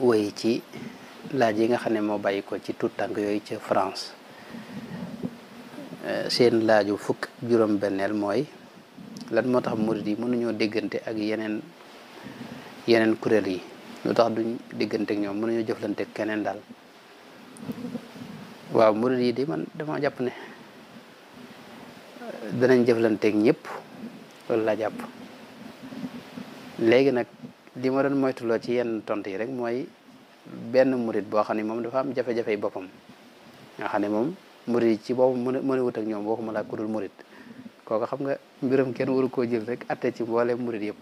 wéy ci laaj yi nga xam ne moo bàyyi ko ci tuut tànk yooyu ca France euh, seen laaju fukk juróom benneel mooy lan moo tax murid yi nañoo déggante ak yeneen yeneen kuréel yi lu tax duñ déggante ñoom mën nañoo ak keneen daal waaw murid yi di man dama jàpp ne euh, danañ jëflante ñépp loolu laa jàpp léegi nag li ma doon moytuloo ci yenn tontu rek mooy benn murit boo xam ne moom dafa am jafe boppam nga xam ne moom murit yi ci boobu mën mën a ak ñoom waxuma laa ku dul murit kooku xam nga mbiram kenn waru koo jël rek atte ci mboole murit yëpp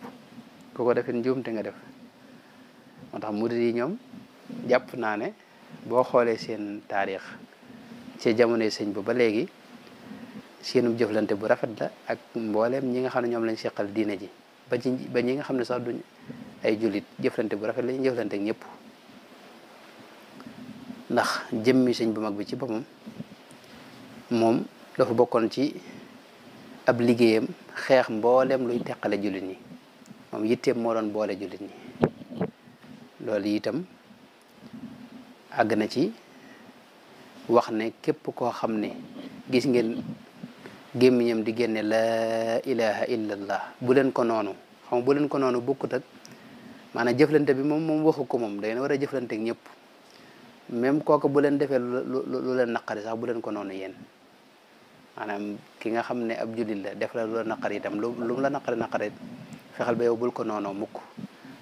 kooko defee njuumte nga def moo tax murit yi ñoom jàpp naa ne boo xoolee seen taarix ci jamonoy sëñ ba ba léegi seenum jëflante bu rafet la ak mbooleem ñi nga xam ne ñoom lañ seqal diine ji ba ci xam ne sax duñ ay jullit jëflante bu rafet la ñuy jëflante ñëpp ndax jëmmi sëñ bu mag bi ci boppam moom dafa bokkoon ci ab liggéeyam xeex mbooleem luy teqale jullit yi moom yitteem moo doon boole jullit ñi loolu itam àgg na ci wax ne képp koo xam ne gis ngeen gémmiñam di génne laa ilaha illallah bu leen ko noonu xam bu leen ko noonu bokkut ak maanaam jëflante bi moom moom waxu ko moom da ngeen war a jëflante ak ñëpp même kooku bu leen defee lu lu leen sax bu leen ko noonu yen maanaam ki nga xam ne ab jullit la def lu la naqari itam lu lu la naqari naqari fexeel ba yow bul ko noonoo mukk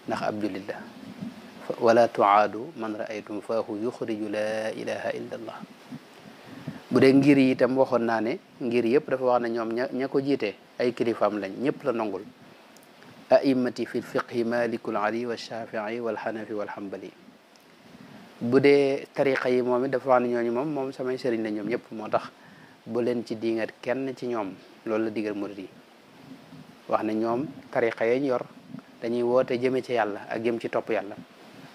ndax ab jullit la wala tuaadu man raaytum faahu yuxriju la ilaha illa bu dee ngir yi itam waxoon naa ne ngir yëpp dafa wax ne ñoom ña ko jiite ay kilifaam lañ ñëpp la nangul أئمة في الفقه مالك العلي والشافعي والحنفي والحنبلي بودي طريقة يوم دفع نيوني مم مم سامي سرين نيوم يب مدخ بولن تدينر كن تنيوم لولا دينر مري وحنا نيوم طريقة ينير تاني وات جمي تيال أجمي تطب يال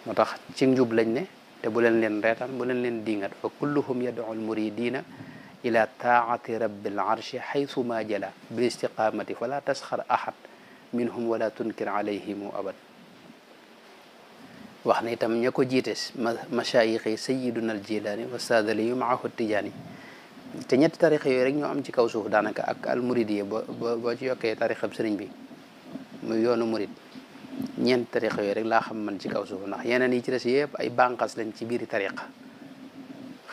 مدخ تنجو بلنة تبولن لين راتن بولن لين دينر فكلهم يدعو المريدين إلى طاعة رب العرش حيثما جلا بالاستقامة فلا تسخر أحد minhum wala tunkir alayhimu abad wax na itam ña ko jiite mashaayixi sayiduna aljilaani wa saadaliyu maahu tijaani te ñett tarixa yooyu rek ñoo am ci kaw suuf daanaka ak almuridiya boo boo ci yokkee tarixab sëriñ bi muy yoonu murid ñeent tarixa yooyu rek laa xam man ci kaw suuf ndax yeneen yi ci des yëpp ay bànqaas lañ ci biiri tarixa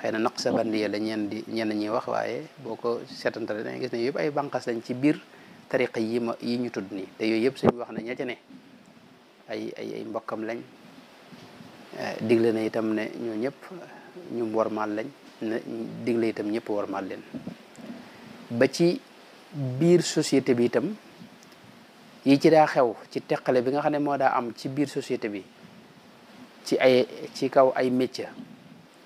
xëy na naqsa bandiya la ñeen di ñenn ñi wax waaye boo ko seetantale da gis ne yëpp ay bànqaas lañ ci biir tariqa yi ma yi ñu tudd nii te yooyu yëpp suñu wax na ña ca ne ay ay mbokkam lañ eh, digle na itam ne ñoo ñëpp ñu wormaal lañ na digle itam ñëpp wormaal leen ba ci biir société bi itam yi ci daa xew ci teqale bi nga xam ne moo daa am ci biir société bi ci ay ci kaw ay métier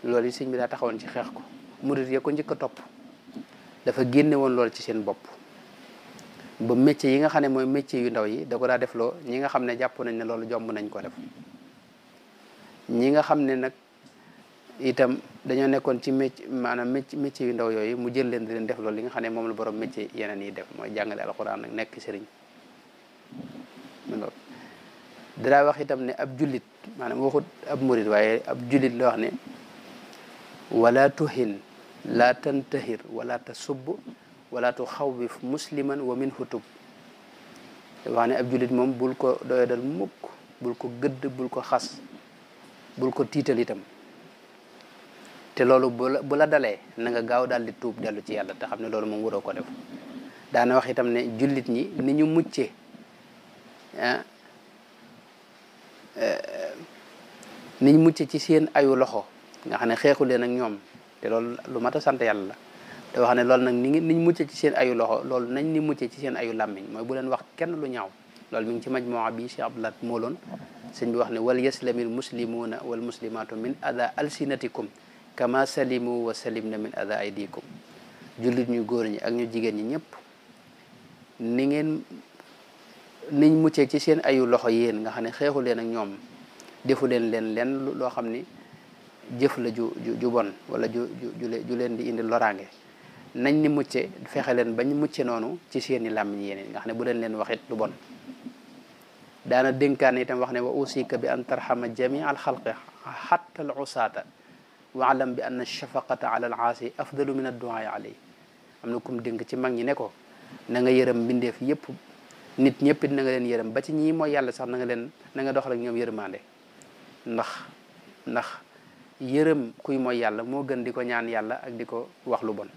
loolu yi sëñ bi daa taxawoon ci xeex ko murit ya ko njëkk a topp dafa génne woon lool ci seen bopp ba métier yi nga xam ne mooy métier yu ndaw yi da ko def loo ñi nga xam ne jàpp nañ ne loolu jomb nañ ko def ñi nga xam ne nag itam dañoo nekkoon ci métier maanaam métier yu ndaw yooyu mu jël leen di leen def lool li nga xam ne moom la borom métier yeneen yi def mooy jàngale alxuraan nag nekk sëriñ dadaa wax itam ne ab julit maanaam waxut ab murit waaye ab jullit la wax ne wala tuhin la tantahir wala tasub wala tu musliman wa min hutub wax ab julit mom bul ko doyadal mukk bul ko gëdd bul ko xas bul ko tital itam te lolu bu la dalé na nga gaaw dal di tuub delu ci yalla te xamne lolu ko def na wax itam ne julit ñi ni ñu muccé ah, eh, ni ñu ci seen ayu loxo nga xane xexu len ak ñom te loolu lu mata sante yalla te wax ne loolu nag ni ngi niñ muccee ci seen ayu loxo lool nañ ni muccee ci seen ayu làmmiñ mooy bu leen wax kenn lu ñaaw lool mi ngi ci majmuwa bi Cheikh Abdoulaat mooloon sëñ bi wax ne wal yaslamil muslimuuna wal muslimaatu min ada alsinatikum kama salimu wa salim na min ada aydikum jullit ñu góor ñi ak ñu jigéen ñi ñëpp ni ngeen niñ muccee ci seen ayu loxo yéen nga xam ne xeexu leen ak ñoom defu leen leen leen loo xam ni jëf la ju ju bon wala ju ju ju leen di indi loraange nañ ni mucce fexe leen bañ mucce noonu ci seeni làmmiñ yeneen nga xam ne bu leen leen waxit lu bon daana dénkaan itam wax ne wa usika bi an tarxama jamia alxalqi xatta al usaata waalam bi anna shafaqata ala al aasi afdalu min adduaai alay am na kum dénk ci mag ñi ne ko na nga yërëm mbindeef yëpp nit ñëpp it na nga leen yërëm ba ci ñii mooy yàlla sax na nga leen na nga doxal ak ñoom yërëmaande ndax ndax yërëm kuy mooy yàlla moo gën di ko ñaan yàlla ak di ko wax lu bon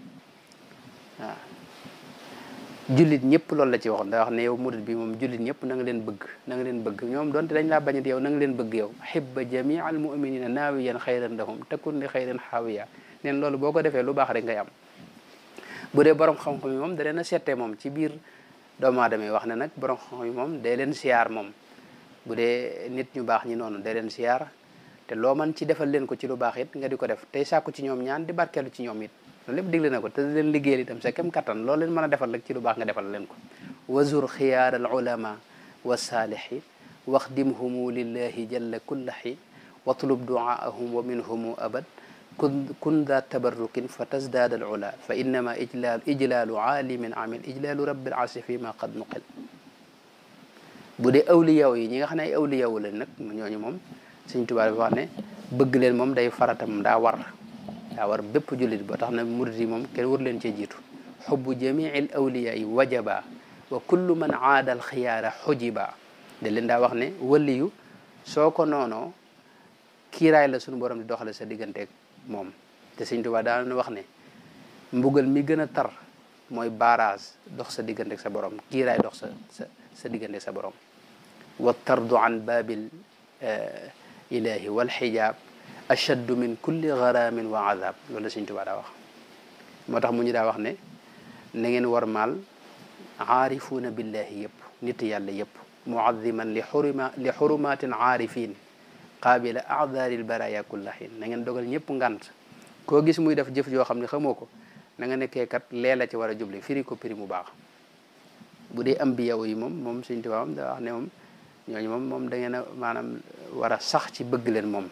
waaw jullit ñëpp loolu la ci waxoon daa wax ne yow murid bi moom jullit ñëpp nang leen bëgg na nga leen bëgg ñoom donte dañ laa bañat yow na nga leen bëgg yow xibba jamii al muminina naawiyan xayran lahum takun li xayran xaawiya neen loolu boo ko defee lu baax rek ngay am bu dee borom xam-xam yi moom a seetee moom ci biir doomu aadama yi wax ne nag borom xam yi moom day leen siyaar moom bu dee nit ñu baax ñi noonu day leen siyaar te loo man ci defal leen ko ci lu baax it nga di ko def tey sàkku ci ñoom ñaan di barkeelu ci ñoom it loolu lépp digle na ko te leen liggéeyal itam sa kem kattan loolu leen mën a defal rek ci lu baax nga defal leen ko wazur xiyaar al ulama wa saalihin waxdimhumu lillahi jalla kulla xiin watlub duaahum wa minhumu abad kun kun da tabarrukin fa al ula fa innama ijlaal ijlaalu aalimin amil ijlaalu rabbil arsi fi qad nuqil bu dee awliyaw yi ñi nga xam ne ay awliyaw lañ nag ñooñu moom Sëñ Tuubaa dafa wax ne bëgg leen moom day farata moom daa war daa war bépp jullit ba tax na murid yi moom kenn war leen cee jiitu xubbu jamiil awliya wajaba wa kullu man aada al xiyaara xujiba da leen daa wax ne waliyu soo ko noonoo kiiraay la suñu borom di doxale sa digganteeg moom te sëñ Tuubaa daana wax ne mbugal mi gën tar mooy barrage dox sa digganteeg sa borom kiiraay dox sa sa sa sa borom wa tardu an baabil ilahi wal hijab أشد من كل غرام وعذاب لولا سنتو بعد وقت ما تح مني دا وقت ورمال عارفون بالله يب نتيا يب معظما لحرما لحرمات عارفين قابل أعذار البرايا كل حين نين دوغل نيب نغانت كو غيس موي داف جيف جو خامني خموكو نغا نكي كات ليلا تي ورا جوبلي فريكو بري مو باخ بودي انبياء وي موم موم سنتو بام دا وخني موم ñooñu moom moom da ngeen a maanaam war a sax ci bëgg leen moom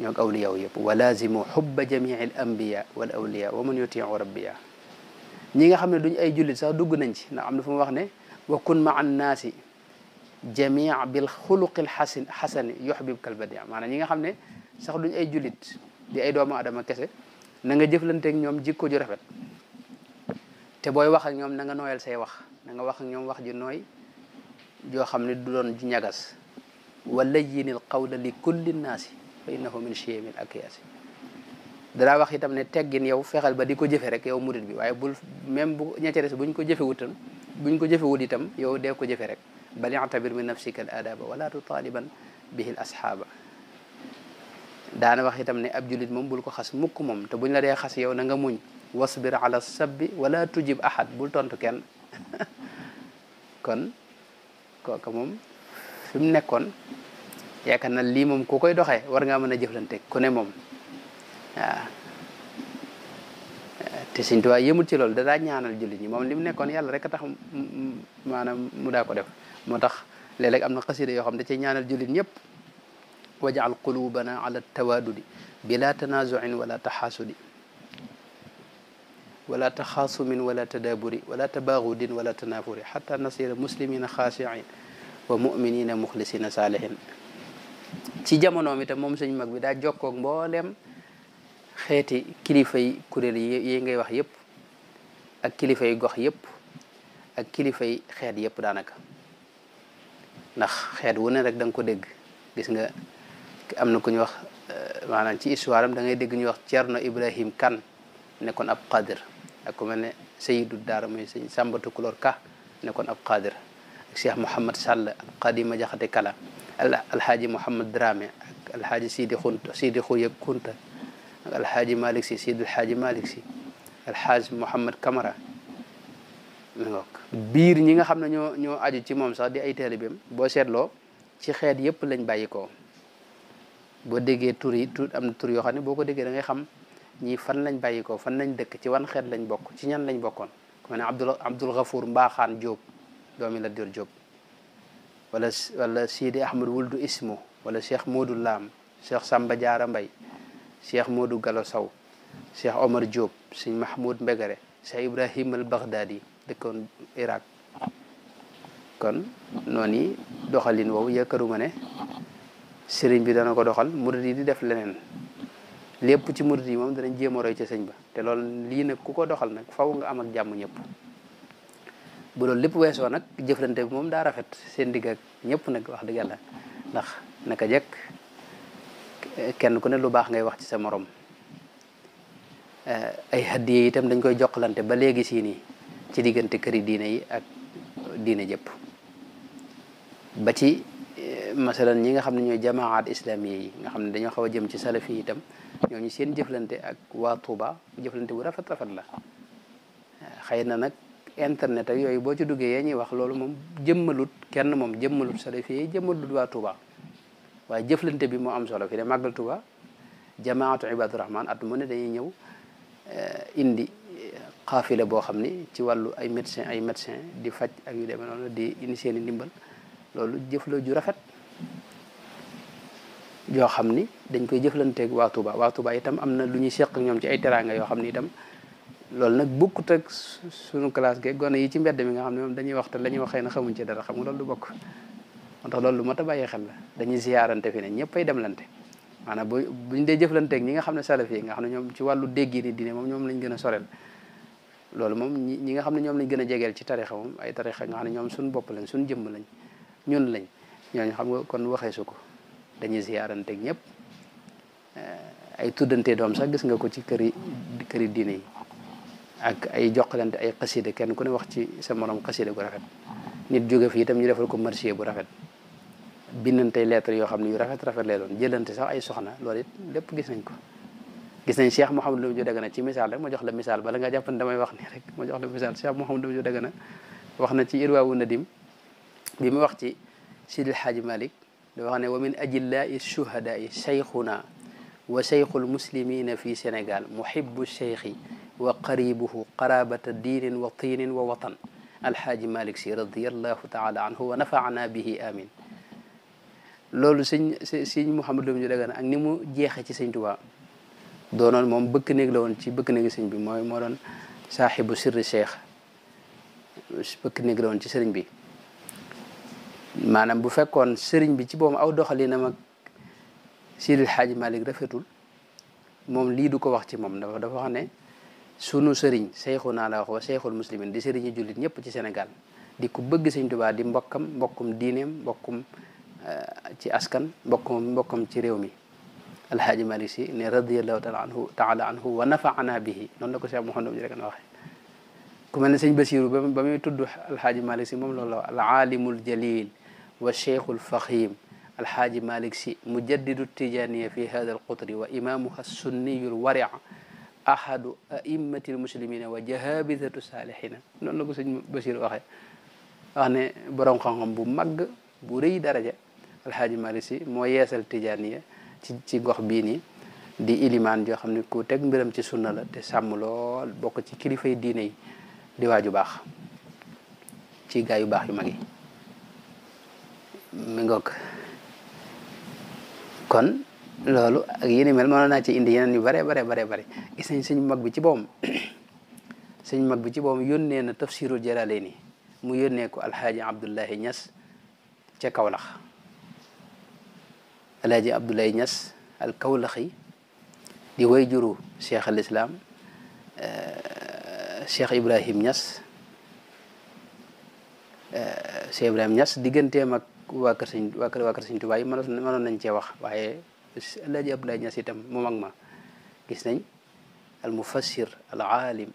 نيوك أولياء ويب ولازم حب جميع الأنبياء والأولياء ومن يطيع ربيا نيغا خامن دوني أي جوليت سا دوغ نانج نا أم دا فم وكن مع الناس جميع بالخلق الحسن حسن يحببك البديع معنا نيغا خامن سا دوني أي جوليت دي أي دوما آدم كاسه نانغا جيفلانتيك نيوم جيكو جو رافيت te boy wax ak ñoom na nga noyal say wax na nga wax ak ñoom wax ji noy jo xamni du fa innahu min chiyamil ak yaasi dadaa wax itam ne teggin yow fexeel ba di ko jëfe rek yow murit bi waaye bul même bu ñetti des buñ ko jëfewutam buñ ko jëfewut itam yow dee ko jëfe rek bal i'tabir min nafsika al adaba wala tutaaliban bihi al asxaaba daana wax itam ne ab julit moom bul ko xas mukk moom te buñ la dee xas yow na nga muñ wasbir ala sabbi wala tujib ahad bul tontu kenn kon kooka moom fi mu nekkoon yaakaar na lii moom ku koy doxee war ngaa mën a jëflanteeg ku ne moom te Sëñ Tuubaa yëmul ci loolu dadaa ñaanal jullit yi moom li mu nekkoon yàlla rek a tax maanaam mu daa ko def moo tax léeg am na xasida yoo xam da cay ñaanal jullit ñëpp wajal qulubana ala tawadudi bila tanazuin wala taxaasudi wala taxaasumin wala tadaburi wala tabaagudin wala tanafuri xata nasira muslimina xaasiin wa muminina muxlisina saalihin ci mi tam mom sëñ mag bi daa ak mbollem xéti kilifa yi kuréel yi ngay wax yépp ak kilifa yi gox yépp ak kilifa yi xéet yépp danaka ndax xéet wu ne rek dang ko dégg gis nga amna ku ñu wax euh, manam ci histoire am da ngay dégg ñu wax cierno Ibrahim Kan kon ab qadir ak ku melne ne dar muy Ka kon ab qadir Cheikh Mouhamad Sall Xadima Jaxate Kala alxaaji Mouhamad Dramé ak alxaaji Sidi Xunta Sidi Xuye Kunta ak alxaaji Malick Si Sidi alxaaji Malick Si alxaaji Mouhamad Camara biir ñi nga xam ne ñoo ñoo aju ci moom sax di ay taalibeem boo seetloo ci xeet yëpp lañ bàyyi ko boo déggee tur yi tur am na tur yoo xam ne boo ko déggee da ngay xam ñii fan lañ bàyyi ko fan lañ dëkk ci wan xeet lañ bokk ci ñan lañ bokkoon ku mel ne Abdul Abdul Gafour Mbaaxaan Jóob doomi Lat Joor Jóob wala wala Sidi Ahmad Wuldu Ismo wala Cheikh Modou Lam Cheikh Samba Diarra Mbay Cheikh Modou Gallo Sow Cheikh Omar Diop Sëñ Mahmoud Mbegere Cheikh Ibrahim al Baghdadi dëkkoon Irak kon noonu doxalin woowu yëkkaruma ne sëriñ bi dana ko doxal murid yi di def leneen lépp ci murid yi moom danañ jéem a roy ca sëñ ba te loolu lii nag ku ko doxal nag faw nga am jàmm ñëpp bu loolu lépp weesoo nag jëflante bi moom daa rafet seen digg ak ñëpp nag wax dëgg yàlla ndax a jekk kenn ku ne lu baax ngay wax ci sa morom eh, ay hadiye itam dañ koy jokkalante ba léegi sii nii ci diggante këri diine yi ak diine jëpp ba ci eh, masalan ñi nga xam ne ñooy jamaat islamiye yi nga xam ne dañoo xaw a jëm ci salafi itam ñooñu seen jëflante ak waa Tuuba jëflante bu rafet rafet la eh, xëy na nag internet ak yooyu boo ci duggee yee ñuy wax loolu moom jëmmalut kenn moom jëmmalut salafi yi jëmmalut waa Touba waaye jëflante bi moo am solo fi de màggal Touba jamaatu ibadu rahman at mu ñëw eh, indi xaafile boo xam ni ci wàllu ay médecin ay médecin di faj ak yu demee noonu di indi seen ndimbal loolu jëf la ju rafet joo xam ni dañ koy jëflanteeg waa Touba waa Touba itam am na lu ñuy seq ñoom ci ay teraanga yoo xam ni itam loolu nag bokkut ak suñu classe ge gone yi ci mbedd mi nga xam ne moom dañuy waxtaan la waxee na xamuñ ci dara xam nga loolu du bokk moo lu mat a bàyyi xel la dañuy ziyaarante fi ne ñëppay demlante maanaam bu buñ dee jëflanteeg ñi nga xam ne salaf yi nga xam ne ñoom ci wàllu déggi ni moom ñoom lañ gën a sorel loolu moom ñi nga xam ne ñoom lañ gën a jegeel ci tarixa moom ay tarixa nga xam ne ñoom suñ bopp lañ suñ jëmm lañ ñun lañ ñooñu xam nga kon waxee su ko dañuy ziyaaranteeg ñëpp eh, ay tuddantee doom sax gis nga ko ci këri këri diine yi ak ay jokkalante ay qasida kenn ku ne wax ci sa morom qasida gu rafet nit jóge fi itam ñu defal ko marché bu rafet bindante lettre yoo xam ne yu rafet rafet lay doon jëlante sax ay soxna loolu it lépp gis nañ ko gis nañ Cheikh Mouhamadou Lamine Diop Dagana ci misal rek ma jox la misaal bala nga jàpp ne damay wax ni rek ma jox la misal Cheikh Mouhamadou Lamine Diop Dagana wax na ci irwa wu nadim bi mu wax ci Sidil Hadji malik da wax ne wa min ajillai shuhadai cheikhuna wa cheikhul muslimina fi Sénégal muhibu cheikhi وقريبه قرابة دين وطين ووطن الحاج مالك سي رضي الله تعالى عنه ونفعنا به آمين لولو سين سي محمد لوم جلغان اك نيمو جيخه سي سيني توبا دونون موم بك نيك لاون سي بك نيك سيني بي موي مودون صاحب سر الشيخ سي بك نيك لاون سي سيني بي manam bu fekkon serigne bi ci bom aw doxali nama sidil hadji malik rafetul mom li du ko wax ci mom sunu sëriñ seyxuna la wax wa ñëpp ci senegal di ku bëgg sëñ Tuubaa di mbokkam mbokkum diineem mbokkum eh, ci askan mbokkum mbokkum ci réew mi alhaaji Malick Si ne radiallahu taala anhu taala anhu wa nafaana bihi noonu la ku mel ne sëñ Basiru ba ba tudd alhaaji Malick Si moom la al aalimul jalil wa cheikhul fahim alhaaji Malick Si mujaddidu tijaniya fi hada al wa imamuha sunniyul waria ahadu aimmatil muslimina wa jahabitatu salihina noonu la ko sëñ Bachir waxee wax ne borom xam-xam bu mag bu rëy daraja alxaaji Malick Sy moo yeesal tijaaniya ci ci gox biini di ilimaan joo xam ne ku teg mbiram ci sunna la te sàmm lool bokk ci kilifa kilifay diine yi di waaju baax ci gaa yu baax yu mag mi ngoog kon loolu ak yéen mel mënoon naa ci indi yeneen yu bare bare bare bare gis nañ suñ mag bi ci boom suñ mag bi ci boom yónnee na tafsirul ni mu yónnee ko alhaaji Abdullahi Ñas ca Kawlax alhaaji Abdullahi Ñas al Kawlaxi di way juru cheikh al islam eh, cheikh Ibrahim Ñas eh, cheikh Ibrahim Ñas digganteem ak waa kër sëñ waa kër waa kër sëñ nañ cee wax alaaji Abdoulaye Niass itam mu mag ma gis nañ al mufassir al alim,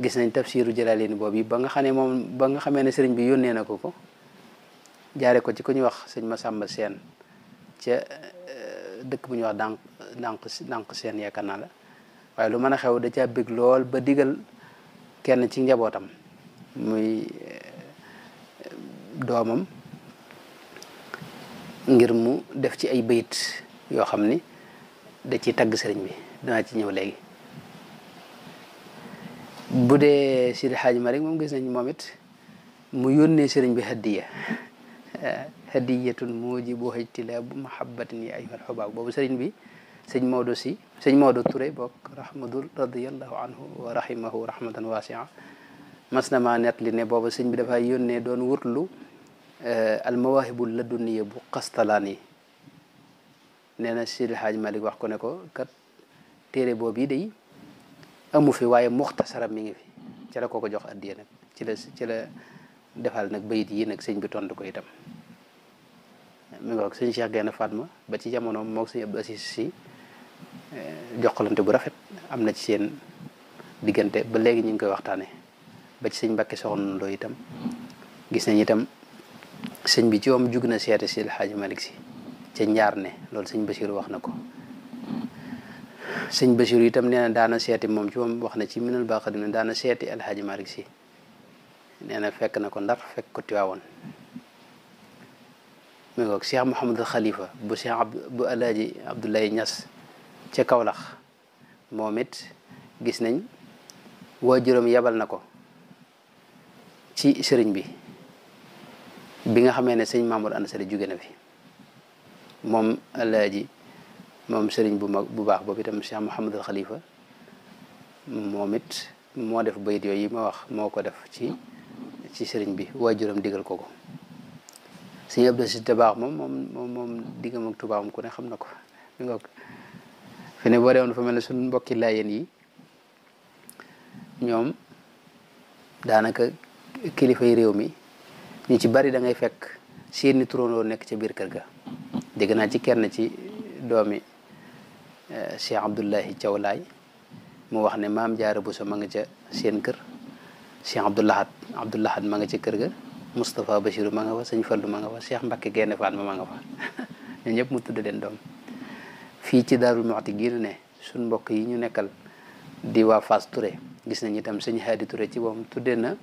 gis nañ tafsiru jalaleen boobu ba nga xam ne moom ba nga xamee ne sëriñ bi yónnee na ko ko jaare ko ci ku ñu wax sëñ Masamba Seen ca eh, dëkk bu ñu wax dànq dànq dànq seen yaakaar naa la waaye lu mën a xew da caa bég lool ba digal kenn ci njabootam muy eh, doomam ngir mu def ci ay bayit yoo xam ni da ciy tagg sëriñ bi dinaa ci ñëw léegi bu dee Sidi Xaaji Malik moom gis nañ moom it mu yónnee sëriñ bi hadiya eh, hadiyatun mujibu ijtilaabu mahabbatin ni ayyuhal xubaab boobu sëriñ bi sëñ Maodo si sëñ Maodo Touré bokk rahmatul radiallahu anhu wa rahimahu rahmatan wasia mas na maa nett li ne boobu sëñ bi dafa yónnee doon wutlu al ladunniya bu xastalaani nee na Seydi Malik wax ko ne ko kat téere boobu yi amu fi waaye muxtasara mi ngi fi ci la ko ko jox addiya nag ci la ci la defal nag bayit yi nag sëñ bi ko itam mi wax Cheikh Fatma ba ci jamonoom moog sëñ Abdou Aziz Si joxalante bu rafet am na ci seen diggante ba léegi ñu koy waxtaane ba ci sëñ Mbàkke soxna Ndoo itam gis sëñ bi ci wam jug na seeti si El malik Malick si ca njaar ne loolu sëñ Basiru wax na ko sëñ Basiru itam nee na daana seeti moom ci moom wax na ci minal baaxadi ne daana seeti El Hadj Malick si nee na fekk na ko ndax fekk ko tiwaawoon mi ngoog Cheikh Mouhamadou Khalifa bu Cheikh ab bu El Hadj Abdoulaye Niass ca Kaolack moom it gis nañ waajuram yebal na ko ci sëriñ bi bi nga xamee ne sëñ Mamour Anta Sali jóge na fi moom alaaji moom sëriñ bu mag bu baax boobu itam Cheikh Mouhamadul Khalifa moom it moo def bayit yooyu yi ma wax moo ko def ci ci sëriñ bi waajuram digal ko ko sëñ Abdou Aziz Dabakh moom moom moom diggam ak tubaabam ku ne xam na ko fi nga fi ne boo demoon fa mel ne suñ mbokki laayeen yi ñoom daanaka kilifa yi réew mi ñi ci bari da ngay fekk seeni trono nek ci bir kër ga ci kenn ci doomi eh, cheikh abdullahi thiawlaay mu wax ne maam jaara so ma nga ci seen kër cheikh abdullahat abdullahat ma nga ci kër ga moustapha bachiru ma nga fa seigne fallu ma nga fa cheikh mbacke gene faat ma nga fa ñun ñëpp mu tudd den doom fi ci darul moxti ne sun mbokk yi ñu nekkal di wa fas Touré gis nañ tam seigne hadi Touré ci wam tudde na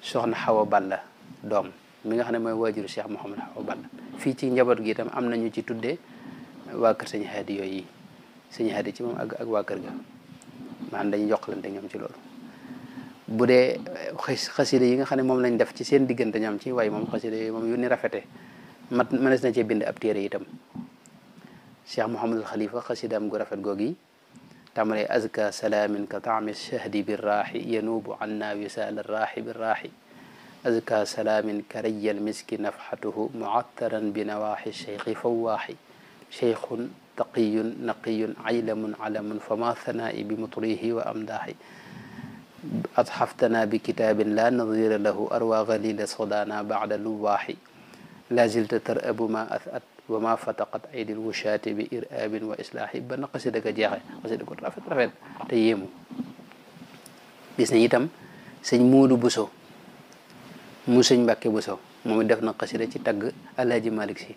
soxna Xawa Balla dom mi nga xamne moy wajiru Cheikh mohammed Awa fi fii ci njabot gi tam amna ñu ci tuddee waa kër hadi yoy yi sëñ hadi ci mom ak ak wa kër ga man dañuy jokkalante ñam ci lool budé dee yi nga xamne mom lañ def ci seen digënté ñam ci way mom xasida yi yu ni rafété mat manes na ci bind ab téere itam Cheikh al Khalifa xasidaam gu rafet gogi yi azka salamin ka ta'mis shahdi birrahi yanubu anna wisal arrahi birrahi أزكى سلام كري المسك نفحته معترا بنواحي الشيخ فواحي شيخ تقي نقي عيلم علم فما ثنائي بمطريه وأمداحي أتحفتنا بكتاب لا نظير له أروى غليل صدانا بعد لواح لا زلت ترأب ما أثأت وما فتقت أيدي الوشاة بإرآب وإصلاح بنا قصدك xasida قصدك رفت رفت gu طيب. بسنيتم rafet بسو mu sëñ Mbàkke bu sow moom it def na xasida ci tagg alhaji malik si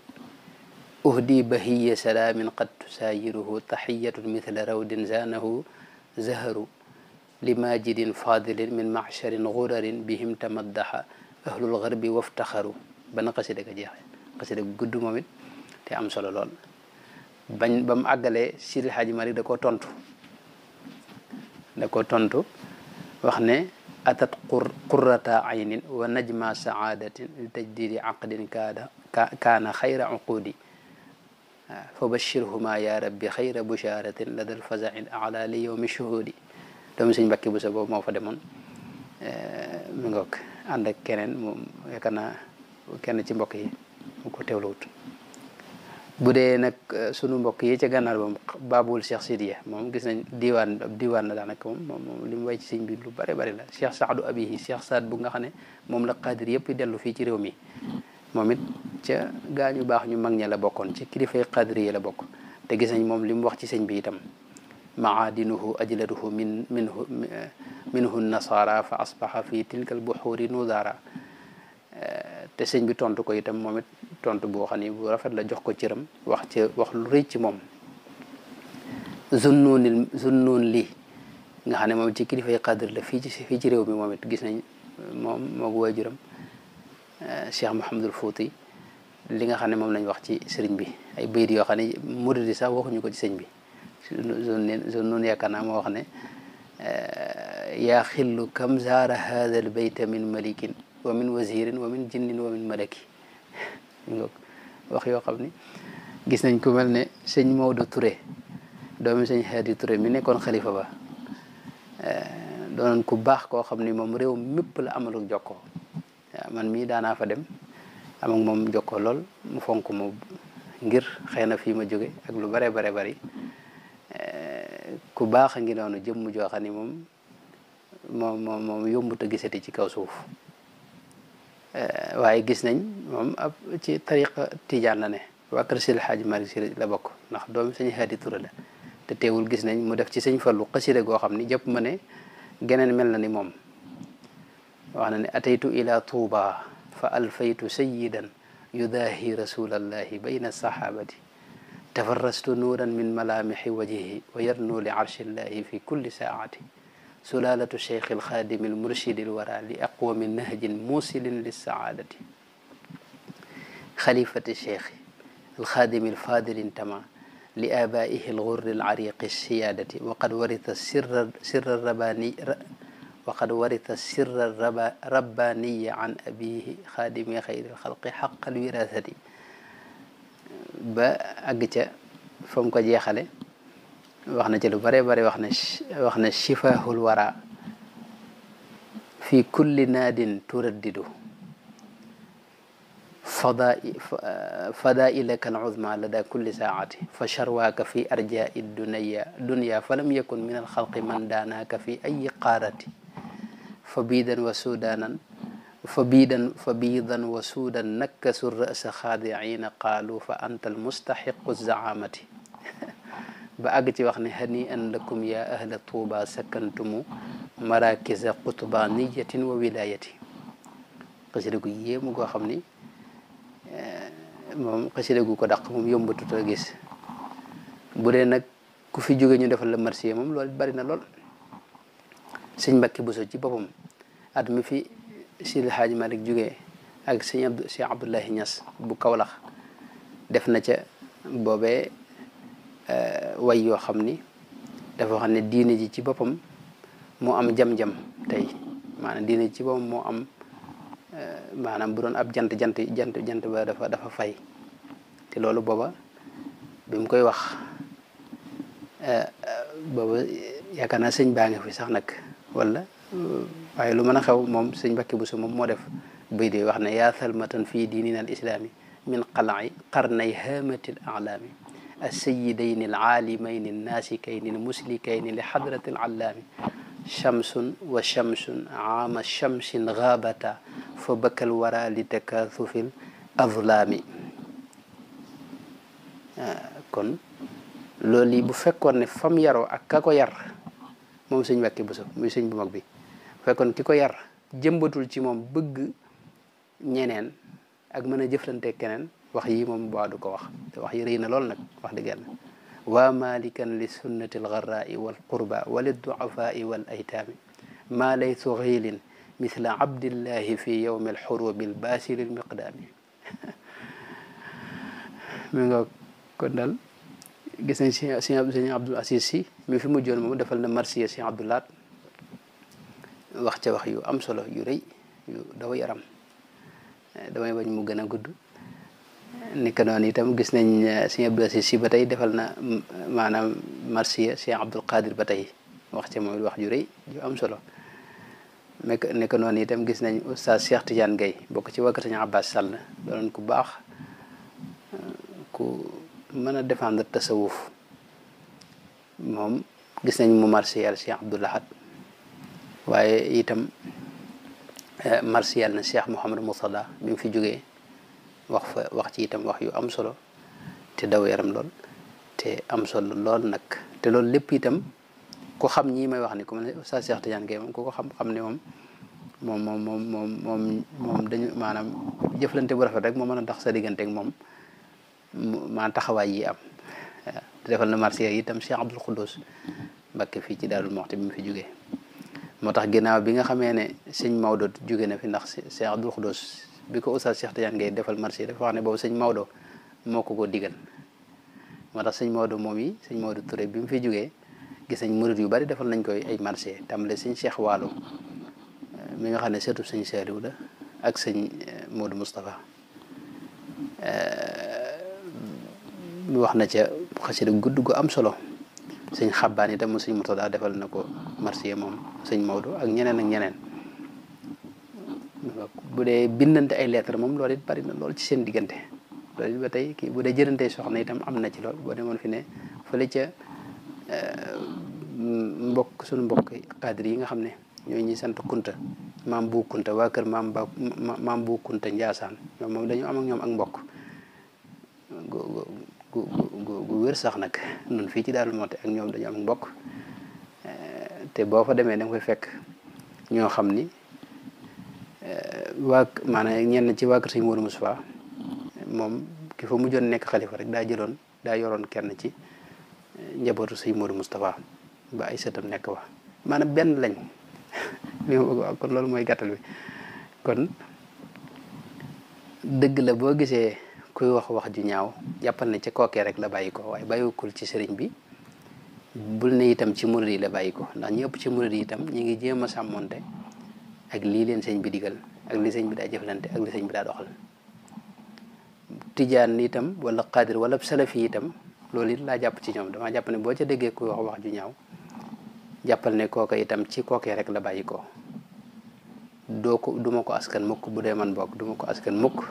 uhdi bahiya salaamin qad tusaayiruhu taxiyatun mithla rawdin zaanahu zaharu li majidin fadilin min mahcharin gurarin bihim tamaddaxa ahlul garbi waftaxaru bana xasida ga jeexe xasida gu gudd moom it te am solo lool bañ mu àggalee Sidi Hadji Malick da koo tontu da koo tontu wax atat qurrata aynin wa najma saadatin li tajdidi aqdin kaada kaana xayra uqudi fa bashirhuma ya rabbi xayra busharatin ladal fazain ala li yowmi shuhudi doomu sëñ Mbàkke Buso boobu moo fa demoon mi ngoog ànd ak keneen moom yaakaar naa kenn ci mbokk yi mu ko teewluwut bu dee nag euh, sunu mbokk yi ca gànnaar moom Babul Cheikh Sidiya moom gis nañ diwaan diwaan la daanaka moom moom li mu way ci sëñ bi lu bare bari la Cheikh Saadu Abihi Cheikh Saad bu nga xam ne moom la xaadir yëpp dellu fii ci réew mi moom it ca gaa ñu baax ñu mag ña la bokkoon ci kilifay xaadir yi la bokk te gis nañ moom li mu wax ci sëñ bi itam maadinuhu ajladuhu min minhu minhu nasara fa asbaha fi tilkal buxuuri nudara euh, te sëñ bi tontu ko itam moom tontu boo xam ni bu rafet la jox ko cëram wax ci wax lu rëy ci moom zunnuun zunnuun lii nga xam ne moom ci kilifa kilifay xadir la fii ci fii ci réew mi moom gis nañ moom moo ko waajuram eh, Cheikh Mouhamadul Fouti li nga xam ne moom lañ wax ci sëriñ bi ay bayit yoo xam ne murid yi sax waxuñu ko ci sëñ bi zunnuun yaakaar naa moo wax ne eh, yaa xillu kam zaara haada al bayta min malikin wa min wazirin wa min jinnin wa min malaki ngoog wax yoo xam ni gis nañ ku mel ne sëñ Maodo Touré doomi sëñ Xaadi Touré mi nekkoon xalifa ba eh, doon ku baax koo xam ni moom réew mépp la amalul jokko eh, man mii daanaa fa dem am ak moom jokkoo lool mu fonk mu ngir xëy na fii ma jóge ak lu bare bare bari eh, ku baax a ngi noonu jëmm joo xam ni moom moom moom moom yombut a gisati ci kaw suuf Eh, waaye gis nañ moom ab ci tariqa tijaan la ne waa kër Seydi El Hadji Malick Sy la bokk ndax doom Sëñ Haadi Touré te teewul gis nañ mu def ci Sëñ Fallu xasida goo xam ni jëpp ma ne geneen mel na ni moom wax na ne ataytu ila tuuba fa alfaytu sayidan yudaahi rasulallahi bayna sahabati tafarrastu nuuran min malaamixi wajihi wa yarnu li arshillahi fi kulli saati سلالة الشيخ الخادم المرشد الورى لأقوم نهج موصل للسعادة خليفة الشيخ الخادم الفاضل انتمى لآبائه الغر العريق السيادة وقد ورث السر سر الرباني وقد ورث السر الرباني عن أبيه خادم خير الخلق حق الوراثة ba فمك ca wax na ci lu bare bare wax na wax na shifahul wara fi kulli naadin turaddidu فضائي فضائلك العظمى لدى كل ساعة فشرواك في أرجاء الدنيا دنيا فلم يكن من الخلق من داناك في أي قارة فبيدا وسودانا فبيدا فبيضا وسودا نكسوا الرأس خادعين قالوا فأنت المستحق الزعامة ba ag ci wax ne an lakum ya ahla tuba sakantum marakiz qutbaniyatin wa wilayati xasida gu yéemu goo xam ni eh, moom xasida gu ko dak mom yombatu to gis budé nak ku fi jóge ñu defal la marché mom loolu bari na lool sëñ bu so ci bopam at mi fi sil haji malik Malick ak señ abdou cheikh Abdullahi Ñas bu Kawlax def na ca bobé way yo xamni dafa xamne diine ji ci bopam mo am jam-jam tay manam diine ci bopam mo am manam bu doon ab jant jant jant jant ba dafa dafa fay te lolu booba bim koy wax euh yaakaar yakana sëñ baa fi sax nak wala waye lu meuna a xew moom sëñ Mbàkke Buso mom mo def bay di wax ne yaa salmatan fi dinina al islami min qalai qarnay hamatil a'lami السيدين العالمين الناسكين المسلكين لحضرة العلام شمس وشمس عام الشمس غابتا فبكى الورى لتكاثف الأظلام آه، كن لولي بفكر نفهم يرو أكاكو ير مو سنجي باكي بسو مو سنجي بمكبي fekkon kiko yar jëmbatul ci moom bëgg ñeneen ak mën a jëflante keneen wax yi moom baa du ko wax te wax yi rëy na lool nag wax dëgg yàlla waa malikan li sunnati algarrai walqurba waliduafai wal aytaami maa laysu xiilin misla abdillahi fi yowmi alxurubi albaasiri almiqdaami mi nga kon daal gis nañ sëñ Abdul Asis si mi fi mujjoon moom defal na marsiya sëñ Abdulaat wax ca wax yu am solo yu rëy yu daw yaram eh, damay bañ mu gën a gudd nekk noonu itam gis nañ eh, Sëñ Abdou Aziz si ba tey defal na mm, maanaam marsiya Cheikh Abdul Qadir ba tey wax ci moom wax ju rëy ju am solo nekk nekk noonu itam gis nañ Oustaz Cheikh Tidiane Gueye bokk ci wàkk Sëñ Abbas na doonoon ku baax eh, ku mën a défendre tasawuf moom gis nañ mu marsiyal Cheikh Abdou Lahad waaye itam eh, marsiyal na Cheikh Mouhamadou Mourtada bi mu fi jógee wax fa wax ci itam wax yu am solo te daw yaram lool te am solo lool nag te loolu lépp itam ku xam ñii may wax ni ku mel ne Oustaz Cheikh Tidiane Gueye moom ku ko xam xam ne moom moom moom moom moom moom moom maanaam jëflante bu rafet rek moo mën a tax sa diggante ak moom maa taxawaay yi am defal na marché yi itam Cheikh Abdoul Khoudous Mbacké fii ci Daarul Muxti bi mu fi jógee moo tax ginnaaw bi nga xamee ne sëñ Maodo jóge na fi ndax Cheikh Abdoul Khoudous biko ko oustaz Cheikh Tidiane ngay defal marché dafa wax ne boobu sëñ Maodo moo ko ko digal moo tax sëñ Maodo moom yi sëñ Maodo Touré bim mu fi jógee gis nañ murid yu bari defal nañ koy ay marché tàmbale sëñ Cheikh Waalo mi nga xam ne surtout sëñ Saliou la ak eh, do Mustafa Moustapha eh, wax na ca xasida gudd gu am solo sëñ xabbaan itam sëñ Murtada defal na ko marché moom sëñ Maodo ak ñeneen ak ñeneen bu dee bindante ay lettre moom loolu it na lool ci seen diggante ba tey kii bu dee jëlantey soxna itam am na ci lool boo demoon fi ne fële ca euh, mbokk suñu mbokk cadre yi nga xam ne ñoo ñuy sant kunta maam bu kunta waa kër maam bu kunta njaasaan ñoom moom ak ñoom ak mbokk gu gu gu gu wér sax nag nun fii ci Darou Mouhty ak ñoom dañu am ak mbokk euh, te boo fa demee da nga koy fekk ñoo xam ni euh, wak mana ñenn ci waa wak sëñ Modou Moustapha moom ki fa mujjoon nekk xalifa rek da jëloon daa yoroon kenn ci njabootu sëñ Modou mustafa ba ay sëtam nek wa mana ben lañ li wak bëgg wax kon loolu mooy gàttal bi kon dëgg la bo gisee kuy wax wax ju ñaaw ne ca kookee rek la bàyyi ko waaye ci sëriñ bi bul ne itam ci murid yi la bàyyi ko ndax ñëpp ci murid yi itam ñi ngi jéem a ak li leen sëñ bi digal ak li sëñ bi daa jëflante ak li sëñ bi daa doxal tijaan itam wala qadir wala salafi itam loolu it laa jàpp ci ñoom dama jàpp ne boo ca déggee ku wax wax ju ñaaw jàppal ne kooka itam ci kookee rek la bàyyi ko doo ko du ma ko askan mukk bu dee man bokk du ma ko askan mukk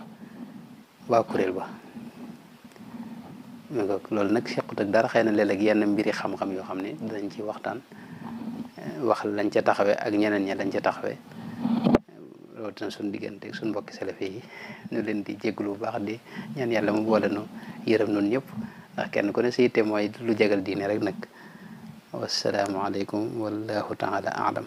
waa kuréel ba loolu nag sequt ak dara xëy na léeg-léeg yenn mbiri xam-xam yoo xam ne dinañ ci waxtaan eh, wax lañ ca taxawe ak ñeneen ña dañ ca taxawe rawatina suñu diggante suñu mbokki salafe yi ñu leen di jégalu baax di ñaan yàlla mu boole nu yërëm noonu ñëpp ndax kenn ku ne si yitte mooy lu jagal diine rek nag wasalaamaaleykum wallahu taala alam